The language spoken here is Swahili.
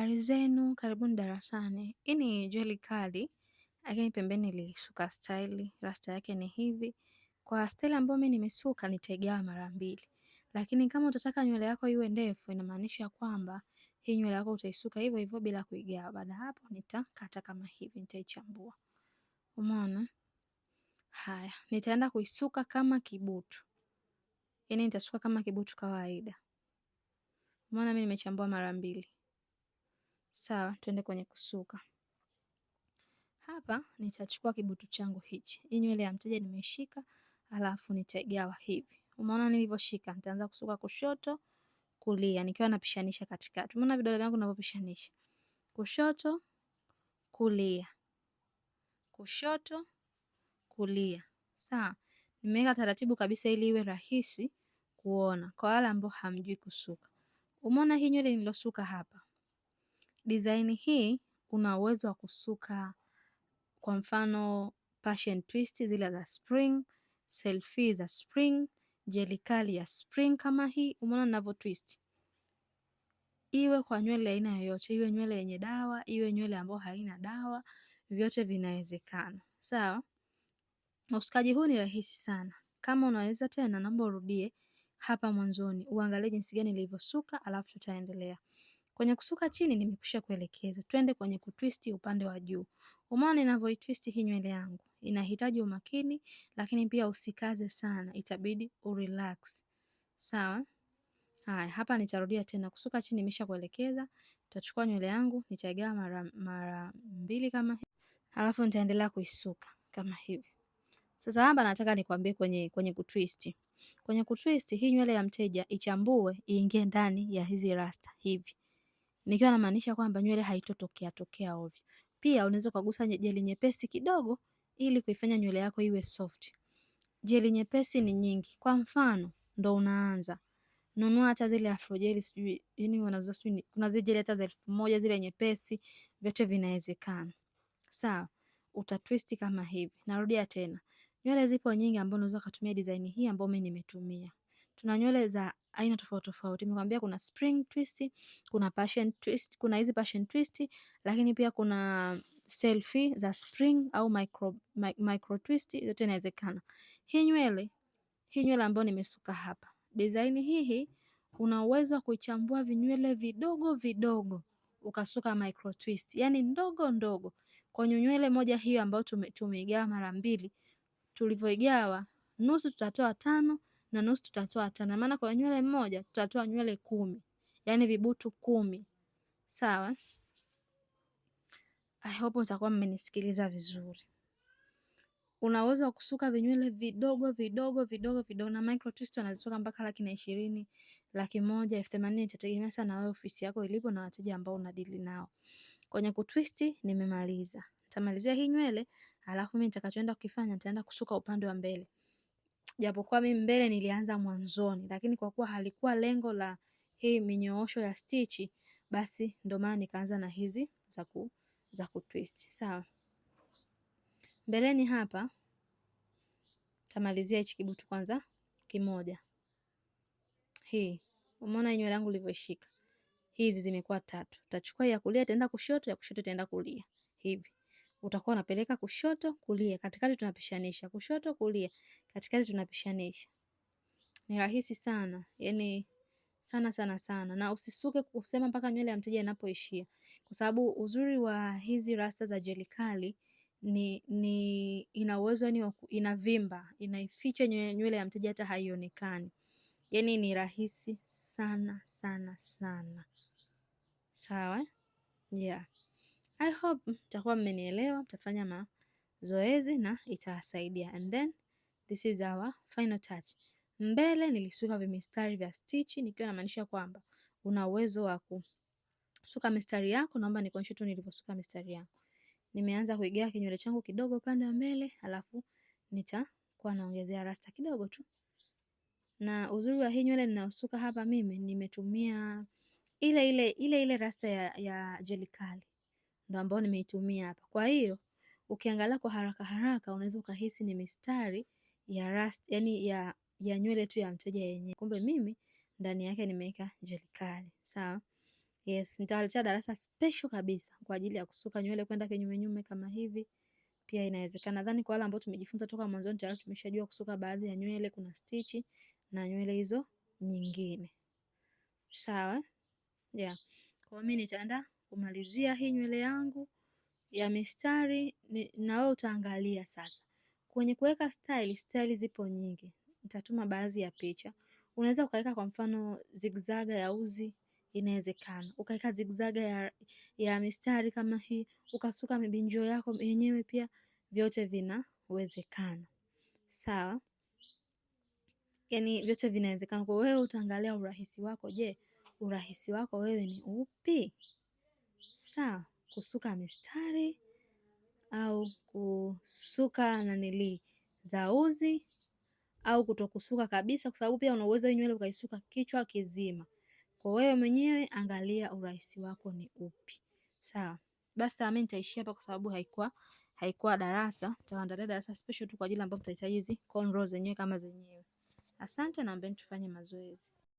Habari zenu, karibuni darasani. Hii ni jeli kali, lakini pembeni ilisuka staili. Rasta yake ni hivi. Kwa staili ambayo mimi nimesuka nitaigawa mara mbili, lakini kama utataka nywele yako iwe ndefu, inamaanisha kwamba hii nywele yako utaisuka hivyo hivyo bila kuigawa. Baada hapo nitakata kama hivi, nitaichambua. Umeona? Haya, nitaenda kuisuka kama kibutu, yaani nitasuka kama kibutu kawaida. Umeona, mimi nimechambua mara mbili. Sawa, tuende kwenye kusuka. Hapa nitachukua kibutu changu hichi, hii nywele ya mteja nimeshika alafu nitaigawa hivi. Umeona nilivyoshika? Nitaanza kusuka kushoto, kulia, nikiwa napishanisha katikati. Umeona vidole vyangu ninavyopishanisha? Kushoto, kulia, kushoto, kulia. Sawa, nimeweka taratibu kabisa ili iwe rahisi kuona kwa wale ambao hamjui kusuka. Umeona hii nywele nilosuka hapa Design hii una uwezo wa kusuka kwa mfano passion twist zile za spring, selfie za spring, jelikali ya spring kama hii, umeona ninavyo twist. Iwe kwa nywele aina yoyote, iwe nywele yenye dawa, iwe nywele ambayo haina dawa, vyote vinawezekana. Sawa? So, usukaji huu ni rahisi sana. Kama unaweza tena, naomba urudie hapa mwanzoni uangalie jinsi gani nilivyosuka alafu tutaendelea. Kwenye kusuka chini nimekwisha kuelekeza, twende kwenye kutwisti upande wa juu. Umeona ninavyoitwisti hii nywele yangu, inahitaji umakini, lakini pia usikaze sana, itabidi urelax. Sawa. Haya, hapa nitarudia tena kusuka chini, nimesha kuelekeza. Tutachukua nywele yangu nitaigawa mara mara mbili kama hivi, alafu nitaendelea kuisuka kama hivi. Sasa hapa nataka nikwambie kwenye kwenye kutwist. Kwenye kutwist hii nywele ya mteja ichambue iingie ndani ya hizi rasta hivi nikiwa namaanisha kwamba nywele haitotokea tokea ovyo. Pia unaweza ukagusa jeli nyepesi kidogo ili kuifanya nywele yako iwe soft. Jeli nyepesi ni nyingi, kwa mfano ndo unaanza nunua hata zile afrojeli sijui yani wanazo, sijui kuna zile jeli hata za elfu moja zile nyepesi, vyote vinawezekana. Sawa, utatwist kama hivi. Narudia tena, nywele zipo nyingi ambazo unaweza kutumia design hii ambayo mimi nimetumia tuna nywele za aina tofauti tofauti. Nimekwambia kuna spring twist, kuna passion twist, kuna hizi passion twist, lakini pia kuna selfie za spring au micro, mi, micro twist, zote inawezekana. Hii nywele hii nywele ambayo nimesuka hapa, design hii una uwezo wa kuichambua vinywele vidogo vidogo ukasuka micro twist, yani ndogo ndogo kwenye nywele moja hiyo ambayo tumeigawa mara mbili, tulivyoigawa nusu tutatoa tano na nusu tutatoa tano, maana kwa nywele moja tutatoa nywele kumi, yaani vibutu kumi. Sawa, I hope utakuwa mmenisikiliza vizuri. Una uwezo wa kusuka vinywele vidogo vidogo vidogo vidogo, na micro twist wanazisuka mpaka laki na ishirini, laki moja, elfu themanini. Itategemea sana wewe ofisi yako ilipo na wateja ambao unadili nao. Kwenye kutwisti nimemaliza, nitamalizia hii nywele alafu mimi nitakachoenda kukifanya nitaenda kusuka upande wa mbele japokuwa mimi mbele nilianza mwanzoni, lakini kwa kuwa halikuwa lengo la hii minyoosho ya stichi, basi ndo maana nikaanza na hizi za ku za twist. Sawa, mbeleni hapa tamalizia hichi kibutu kwanza kimoja. Hii umeona nywele yangu ilivyoshika, hizi zimekuwa tatu. Tachukua ya kulia itaenda kushoto, ya kushoto itaenda kulia hivi utakuwa unapeleka kushoto kulia, katikati tunapishanisha, kushoto kulia, katikati tunapishanisha. Ni rahisi sana, yani sana sana sana, na usisuke kusema mpaka nywele ya mteja inapoishia, kwa sababu uzuri wa hizi rasta za jeli kali ni ni ina uwezo yani, inavimba inaificha nywele ya mteja hata haionekani, yani ni rahisi sana sana sana. Sawa, yeah. I hope mtakuwa mmenielewa, mtafanya mazoezi na itawasaidia. And then this is our final touch. Mbele nilisuka vimistari vya stitch, nikiwa namaanisha kwamba una uwezo wa kusuka mistari yako. Naomba nikuonyeshe tu nilivyosuka mistari yangu. Nimeanza kuigea kinywele changu kidogo upande wa mbele, alafu nitakuwa naongezea rasta kidogo tu. Na uzuri wa hii nywele ninayosuka hapa mimi nimetumia ile ile ile ile rasta ya, ya jelikali ndo ambao nimeitumia hapa. Kwa hiyo ukiangalia kwa haraka haraka, unaweza ukahisi ni mistari ya rust, yani ya ya nywele tu ya mteja yenyewe, kumbe mimi ndani yake nimeweka jeli kali. Sawa. Yes, nitawaletea darasa special kabisa kwa ajili ya kusuka nywele kwenda kinyume nyume kama hivi. Pia inawezekana, nadhani kwa wale ambao tumejifunza toka mwanzo tayari tumeshajua kusuka baadhi ya nywele, kuna stitch na nywele hizo nyingine. Sawa, yeah. Kwa mimi nitaenda kumalizia hii nywele yangu ya mistari ni, na wewe utaangalia sasa. Kwenye kuweka style, style zipo nyingi, nitatuma baadhi ya picha. Unaweza ukaweka kwa mfano zigzaga ya uzi, inawezekana ukaweka zigzaga ya, ya mistari kama hii, ukasuka mibinjo yako yenyewe, pia vyote vinawezekana. Sawa, yani vyote vinawezekana. Kwa wewe utaangalia urahisi wako. Je, urahisi wako wewe ni upi? sawa, kusuka mistari au kusuka nanili uzi au kutokusuka kabisa, kwa sababu pia una uwezo nywele ukaisuka kichwa kizima. Kwa wewe mwenyewe angalia urahisi wako ni upi, sawa. Basi mimi nitaishia hapa, kwa sababu haikuwa haikuwa darasa. Tutaandaa darasa special tu kwa ajili ambapo tutahitaji hizi cornrows zenyewe kama zenyewe. Asante, naomba tufanye mazoezi.